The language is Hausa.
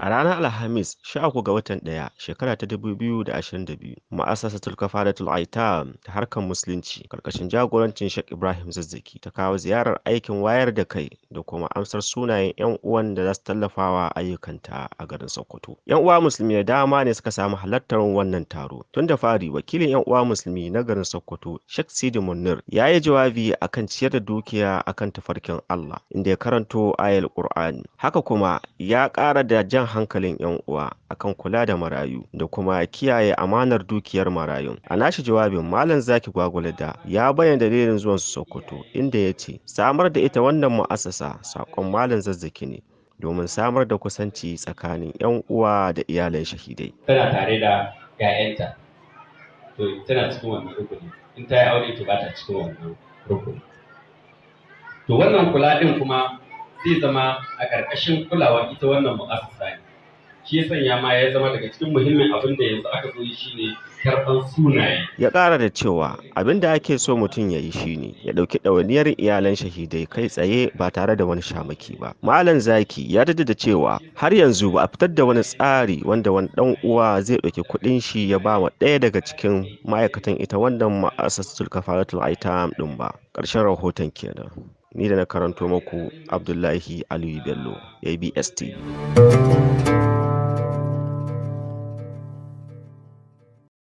A ranar Alhamis, 13 ga watan ɗaya, shekara ta 2022, ma'asasatul tulkafada tul'aita ta harkar musulunci, karkashin jagorancin Sheikh Ibrahim Zazzaki ta kawo ziyarar aikin wayar da kai da kuma amsar sunayen 'yan uwan da za su tallafa wa ayyukanta a garin Sokoto. 'Yan uwa musulmi da dama ne suka samu halartar wannan taro. Tun da fari wakilin 'yan uwa musulmi na garin Sokoto Sheikh Sidi Munir ya yi jawabi akan ciyar da dukiya akan tafarkin Allah inda ya karanto ayal Qur'ani. Haka kuma ya ƙara da jan hankalin 'yan uwa akan kula da marayu da kuma kiyaye amanar dukiyar marayun. A nashi jawabin Malam Zaki Gwagwalada ya bayyana dalilin zuwan Sokoto inda ya ce samar da ita wannan mu'assasa ƙasa saƙon Malam Zazzaki ne domin samar da kusanci tsakanin 'yan uwa da iyalan shahidai. Tana tare da 'ya'yanta, to tana cikin wannan rukuni, in ta yi aure to ba ta cikin wannan rukuni. To wannan kula ɗin kuma zai zama a ƙarƙashin kulawar ita wannan mu'assasa ne. Shi sanya ma ya zama daga cikin muhimmin abin da yanzu aka zo shi ne ya ƙara da cewa abin da ake so mutum ya yi shi ne", ya ɗauki ɗawainiyar iyalan shahidai kai tsaye ba tare da wani shamaki ba malam zaki ya da cewa har yanzu ba a fitar da wani tsari wanda wani ɗan uwa zai ɗauki kuɗin shi ya ba wa ɗaya daga cikin ma'aikatan ita wannan ma'asasatul kafaratul aitam ɗin ba ƙarshen rahoton kenan ni da na karanto muku abdullahi aliyu bello abs tv